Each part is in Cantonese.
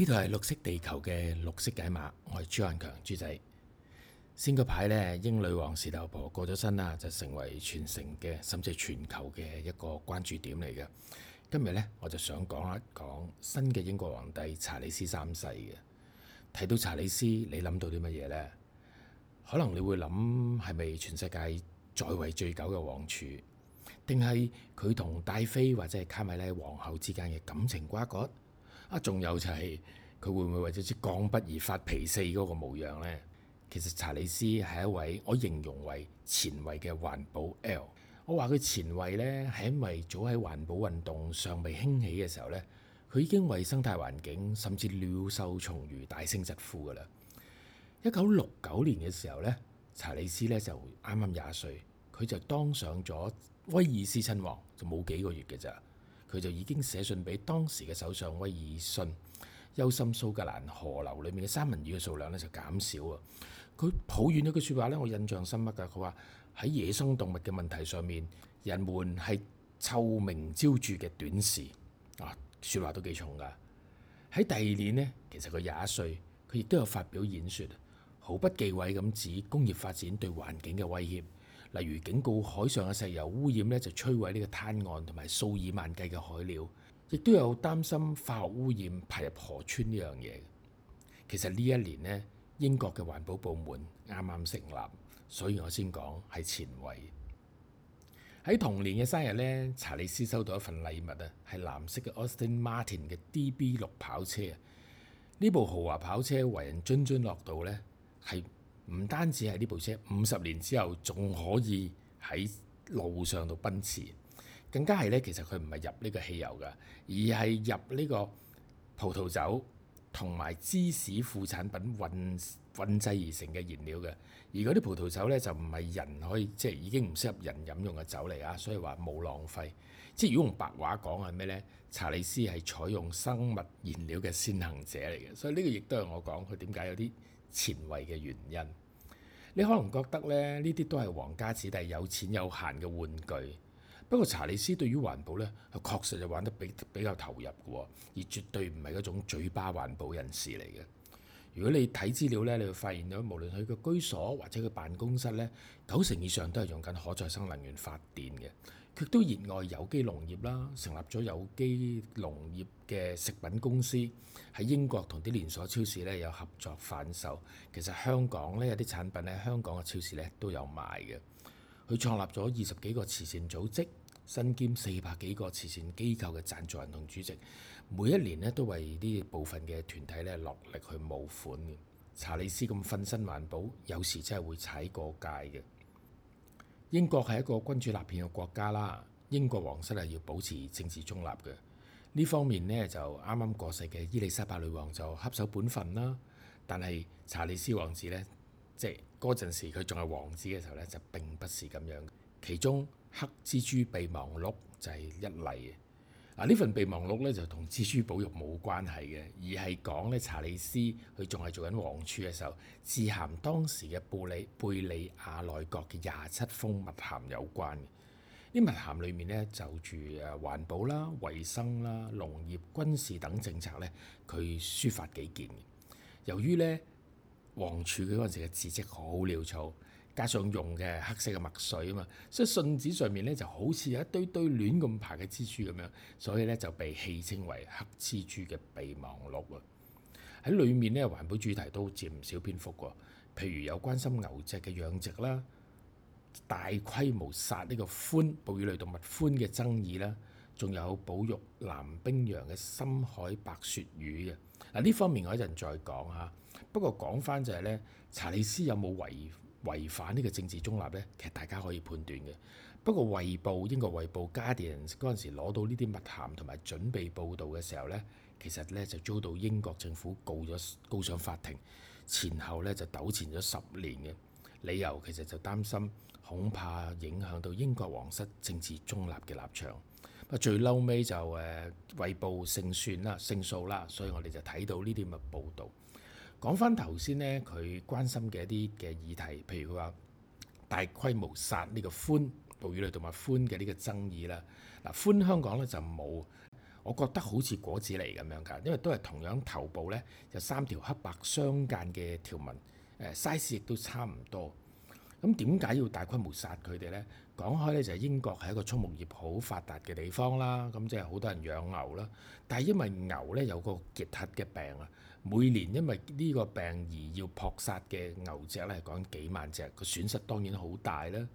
呢度係綠色地球嘅綠色解碼，我係朱漢強朱仔。先個排咧，英女王事頭婆過咗身啦，就成為全城嘅，甚至係全球嘅一個關注點嚟嘅。今日咧，我就想講一講新嘅英國皇帝查理斯三世嘅。提到查理斯，你諗到啲乜嘢咧？可能你會諗係咪全世界在位最久嘅王儲，定係佢同戴妃或者係卡米拉皇后之間嘅感情瓜葛？啊，仲有就係，佢會唔會為咗支鋼筆而發脾氣嗰個模樣呢？其實查理斯係一位我形容為前衛嘅環保 L。我話佢前衛呢，係因為早喺環保運動尚未興起嘅時候呢，佢已經為生態環境甚至鳥獸蟲魚大聲疾呼噶啦。一九六九年嘅時候呢，查理斯呢就啱啱廿歲，佢就當上咗威爾斯親王，就冇幾個月嘅咋。佢就已經寫信俾當時嘅首相威爾遜，憂心蘇格蘭河流裏面嘅三文魚嘅數量咧就減少啊！佢抱怨咗句説話咧，我印象深刻㗎。佢話喺野生動物嘅問題上面，人們係臭名昭著嘅短視啊！説話都幾重㗎。喺第二年呢，其實佢廿一歲，佢亦都有發表演説，毫不忌諱咁指工業發展對環境嘅威脅。例如警告海上嘅石油污染咧，就摧毀呢個灘岸同埋數以萬計嘅海鳥，亦都有擔心化學污染排入河川呢樣嘢。其實呢一年呢，英國嘅環保部門啱啱成立，所以我先講係前衞。喺同年嘅生日呢，查理斯收到一份禮物啊，係藍色嘅 Aston Martin 嘅 DB 六跑車。呢部豪華跑車為人津津樂道呢，係。唔單止係呢部車，五十年之後仲可以喺路上度奔馳，更加係呢，其實佢唔係入呢個汽油㗎，而係入呢個葡萄酒同埋芝士副產品混混製而成嘅燃料嘅。而嗰啲葡萄酒呢，就唔係人可以即係已經唔適合人飲用嘅酒嚟啊，所以話冇浪費。即係如果用白話講係咩呢？查理斯係採用生物燃料嘅先行者嚟嘅，所以呢個亦都係我講佢點解有啲前衛嘅原因。你可能覺得咧，呢啲都係皇家子弟有錢有閒嘅玩具。不過查理斯對於環保咧，佢確實就玩得比比較投入嘅喎，而絕對唔係嗰種嘴巴環保人士嚟嘅。如果你睇資料咧，你會發現到無論佢嘅居所或者佢辦公室咧，九成以上都係用緊可再生能源發電嘅。佢都熱愛有機農業啦，成立咗有機農業嘅食品公司，喺英國同啲連鎖超市咧有合作販售。其實香港咧有啲產品咧，香港嘅超市咧都有賣嘅。佢創立咗二十幾個慈善組織，身兼四百幾個慈善機構嘅贊助人同主席，每一年咧都為呢部分嘅團體咧落力去募款。查理斯咁奮身環保，有時真係會踩過界嘅。英國係一個君主立憲嘅國家啦，英國皇室係要保持政治中立嘅。呢方面呢，就啱啱過世嘅伊麗莎白女王就恪守本分啦，但係查理斯王子呢，即係嗰陣時佢仲係王子嘅時候呢，就並不是咁樣。其中《黑蜘蛛備忘錄》就係一例。啊！呢份備忘錄咧就同蜘蛛保育冇關係嘅，而係講咧，查理斯佢仲係做緊王儲嘅時候，致函當時嘅布利貝理雅內閣嘅廿七封密函有關嘅。啲密函裏面咧，就住誒環保啦、衞生啦、農業、軍事等政策咧，佢抒發己見嘅。由於咧王儲佢嗰陣時嘅字跡好潦草。加上用嘅黑色嘅墨水啊嘛，所以信紙上面咧就好似有一堆堆亂咁爬嘅蜘蛛咁樣，所以咧就被戲稱為黑蜘蛛嘅備忘錄啊。喺裏面咧，環保主題都佔唔少篇幅喎。譬如有關心牛隻嘅養殖啦，大規模殺呢個寬哺乳類動物寬嘅爭議啦，仲有保育南冰洋嘅深海白雪魚嘅嗱呢方面，我一陣再講吓。不過講翻就係咧，查理斯有冇違。違反呢個政治中立呢，其實大家可以判斷嘅。不過衛報，英國衛報 Guardian 嗰陣時攞到呢啲密函同埋準備報導嘅時候呢，其實呢就遭到英國政府告咗，告上法庭，前後呢就糾纏咗十年嘅理由其實就擔心恐怕影響到英國皇室政治中立嘅立場。不最嬲尾就誒、是、衛、呃、報勝算啦勝訴啦，所以我哋就睇到呢啲咁嘅報導。講翻頭先咧，佢關心嘅一啲嘅議題，譬如佢話大規模殺呢個獾哺乳類同埋獾嘅呢個爭議啦。嗱，獾香港咧就冇，我覺得好似果子狸咁樣㗎，因為都係同樣頭部咧有三條黑白相間嘅條紋，誒、呃、size 亦都差唔多。咁點解要大規模殺佢哋咧？講開咧就係、是、英國係一個畜牧業好發達嘅地方啦，咁即係好多人養牛啦。但係因為牛咧有個結核嘅病啊。每年因為呢個病而要撲殺嘅牛隻咧，係講幾萬隻，個損失當然好大啦。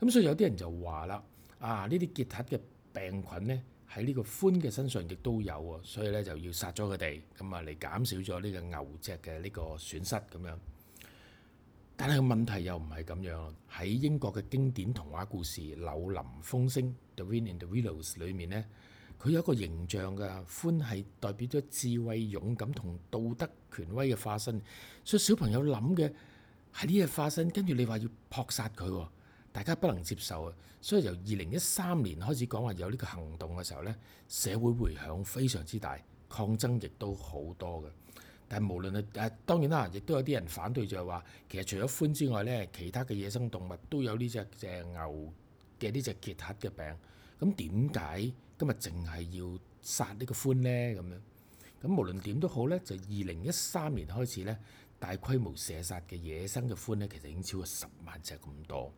咁所以有啲人就話啦，啊，呢啲結核嘅病菌呢，喺呢個獾嘅身上亦都有啊，所以咧就要殺咗佢哋，咁啊嚟減少咗呢個牛隻嘅呢個損失咁樣。但係問題又唔係咁樣咯。喺英國嘅經典童話故事《柳林風聲》（The Wind in the Willows） 裏面呢。佢有一個形象㗎，獾係代表咗智慧、勇敢同道德權威嘅化身，所以小朋友諗嘅係呢隻化身，跟住你話要撲殺佢，大家不能接受啊！所以由二零一三年開始講話有呢個行動嘅時候呢，社會迴響非常之大，抗爭亦都好多嘅。但係無論係、呃、當然啦，亦都有啲人反對就係話，其實除咗獾之外呢，其他嘅野生動物都有呢隻誒牛嘅呢隻結核嘅病。咁點解今日淨係要殺呢個獾呢？咁樣，咁無論點都好呢，就二零一三年開始呢，大規模射殺嘅野生嘅獾呢，其實已經超過十萬隻咁多。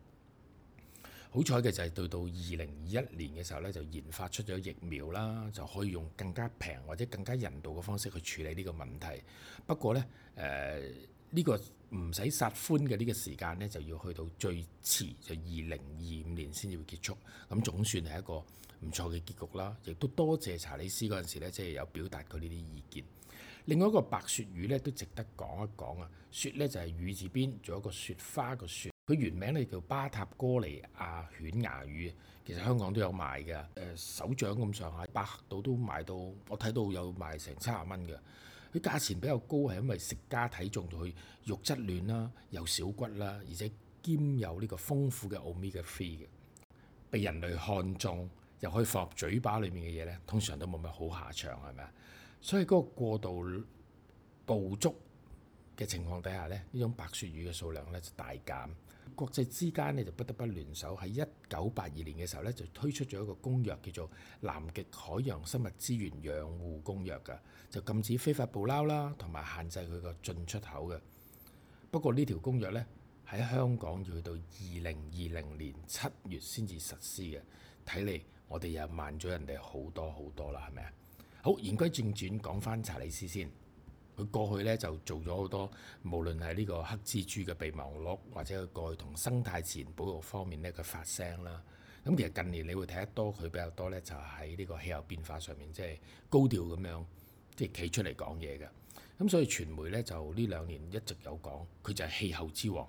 好彩嘅就係到到二零二一年嘅時候呢，就研發出咗疫苗啦，就可以用更加平或者更加人道嘅方式去處理呢個問題。不過呢，誒、呃、呢、呢個唔使殺歡嘅呢個時間呢，就要去到最遲就二零二五年先至會結束。咁總算係一個唔錯嘅結局啦。亦都多謝查理斯嗰陣時咧，即係有表達過呢啲意見。另外一個白雪魚呢，都值得講一講啊。雪呢，就係魚字邊，仲有一個雪花個雪。佢原名呢，叫巴塔哥尼亞犬牙魚，其實香港都有賣嘅。誒，手掌咁上下，百度都賣到，我睇到有賣成七十蚊嘅。佢價錢比較高，係因為食家睇中佢肉質嫩啦，又少骨啦，而且兼有呢個豐富嘅 Omega-3 嘅，被人類看中又可以放入嘴巴裏面嘅嘢呢，通常都冇乜好下場，係咪啊？所以嗰個過度捕捉嘅情況底下呢，呢種白雪魚嘅數量呢就大減。國際之間咧就不得不聯手，喺一九八二年嘅時候咧就推出咗一個公約，叫做《南極海洋生物資源養護公約》㗎，就禁止非法捕撈啦，同埋限制佢個進出口嘅。不過呢條公約咧喺香港要去到二零二零年七月先至實施嘅，睇嚟我哋又慢咗人哋好多好多啦，係咪啊？好，言歸正傳，講翻查理斯先。佢過去咧就做咗好多，無論係呢個黑蜘蛛嘅備忘錄，或者佢過去同生態自然保育方面咧嘅發聲啦。咁其實近年你會睇得多佢比較多咧，就喺呢個氣候變化上面，即係高調咁樣即係企出嚟講嘢嘅。咁所以傳媒咧就呢兩年一直有講，佢就係氣候之王。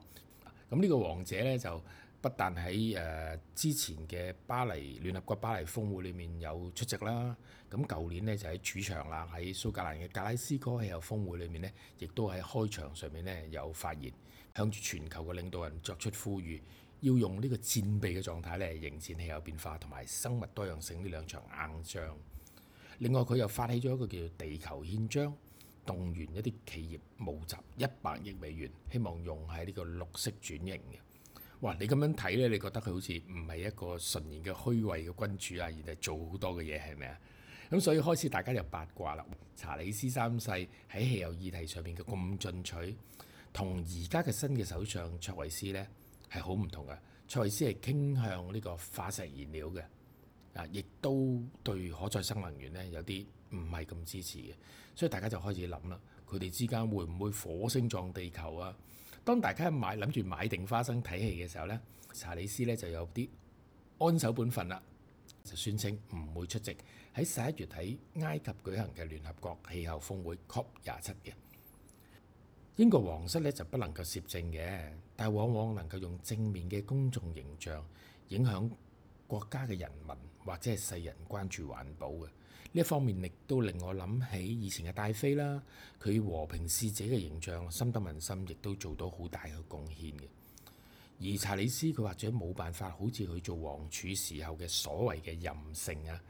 咁呢個王者咧就。不但喺誒之前嘅巴黎聯合國巴黎峰會裏面有出席啦，咁舊年咧就喺主場啦，喺蘇格蘭嘅格拉斯哥氣候峰會裏面咧，亦都喺開場上面咧有發言，向住全球嘅領導人作出呼籲，要用呢個戰備嘅狀態嚟迎戰氣候變化同埋生物多樣性呢兩場硬仗。另外佢又發起咗一個叫做地球憲章，動員一啲企業募集一百億美元，希望用喺呢個綠色轉型嘅。哇！你咁樣睇咧，你覺得佢好似唔係一個純然嘅虛位嘅君主啊，而係做好多嘅嘢係咪啊？咁所以開始大家就八卦啦。查理斯三世喺氣候議題上面嘅咁進取，同而家嘅新嘅首相卓慧思呢係好唔同嘅。卓慧思係傾向呢個化石燃料嘅，啊，亦都對可再生能源呢有啲唔係咁支持嘅。所以大家就開始諗啦，佢哋之間會唔會火星撞地球啊？當大家買諗住買定花生睇戲嘅時候呢，查理斯呢就有啲安守本分啦，就宣稱唔會出席喺十一月喺埃及舉行嘅聯合國氣候峰會 COP 廿七嘅。英國皇室呢就不能夠攝政嘅，但往往能夠用正面嘅公眾形象影響國家嘅人民或者係世人關注環保嘅。呢一方面亦都令我諗起以前嘅戴妃啦，佢和平使者嘅形象深得民心，亦都做到好大嘅貢獻嘅。而查理斯佢或者冇辦法好似佢做王儲時候嘅所謂嘅任性啊，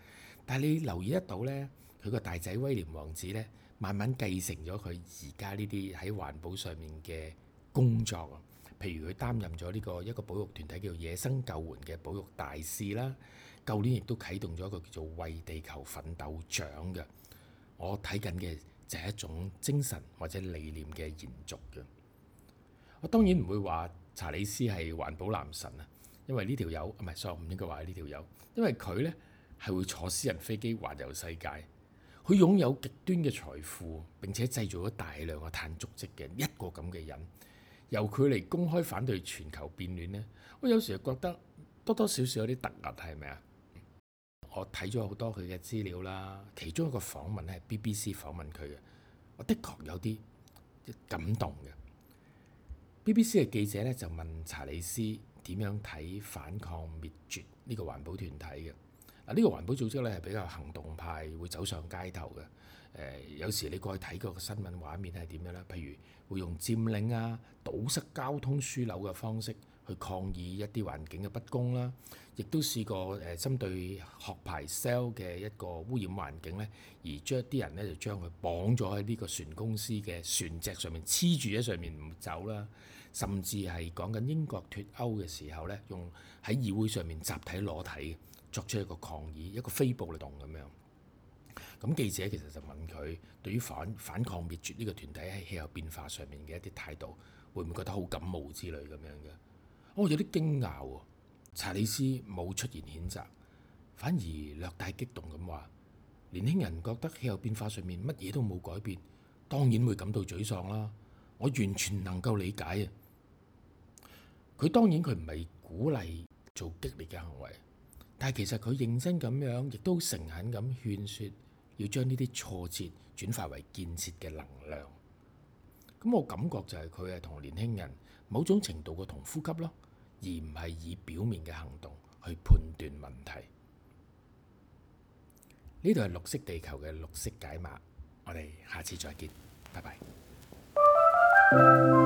但係你留意得到咧，佢個大仔威廉王子咧，慢慢繼承咗佢而家呢啲喺環保上面嘅工作啊，譬如佢擔任咗呢個一個保育團體叫做野生救援嘅保育大使啦。舊年亦都啟動咗一個叫做為地球奮鬥獎嘅，我睇緊嘅就係一種精神或者理念嘅延續嘅。我當然唔會話查理斯係環保男神啊，因為呢條友唔係，sorry 唔應該話呢條友，因為佢呢係會坐私人飛機環遊世界，佢擁有極端嘅財富並且製造咗大量嘅碳足跡嘅一個咁嘅人，由佢嚟公開反對全球變暖呢，我有時又覺得多多少少有啲突兀，係咪啊？我睇咗好多佢嘅資料啦，其中一個訪問咧係 BBC 訪問佢嘅，我的確有啲感動嘅。BBC 嘅記者咧就問查理斯點樣睇反抗滅絕呢個環保團體嘅？嗱，呢個環保組織咧係比較行動派，會走上街頭嘅。誒，有時你過去睇個新聞畫面係點樣咧？譬如會用佔領啊、堵塞交通樞紐嘅方式。去抗議一啲環境嘅不公啦，亦都試過誒針對殼牌 Shell 嘅一個污染環境呢，而將啲人呢就將佢綁咗喺呢個船公司嘅船隻上面黐住喺上面唔走啦。甚至係講緊英國脱歐嘅時候呢，用喺議會上面集體裸體作出一個抗議，一個非暴力動咁樣。咁記者其實就問佢，對於反反抗滅絕呢個團體喺氣候變化上面嘅一啲態度，會唔會覺得好感冒之類咁樣嘅？我有啲驚訝喎，查理斯冇出言譴責，反而略帶激動咁話：年輕人覺得氣候變化上面乜嘢都冇改變，當然會感到沮喪啦。我完全能夠理解啊！佢當然佢唔係鼓勵做激烈嘅行為，但係其實佢認真咁樣，亦都誠懇咁勸説，要將呢啲挫折轉化為建設嘅能量。咁我感覺就係佢係同年輕人。某種程度嘅同呼吸咯，而唔係以表面嘅行動去判斷問題。呢度係綠惜地球嘅綠色解碼，我哋下次再見，拜拜。嗯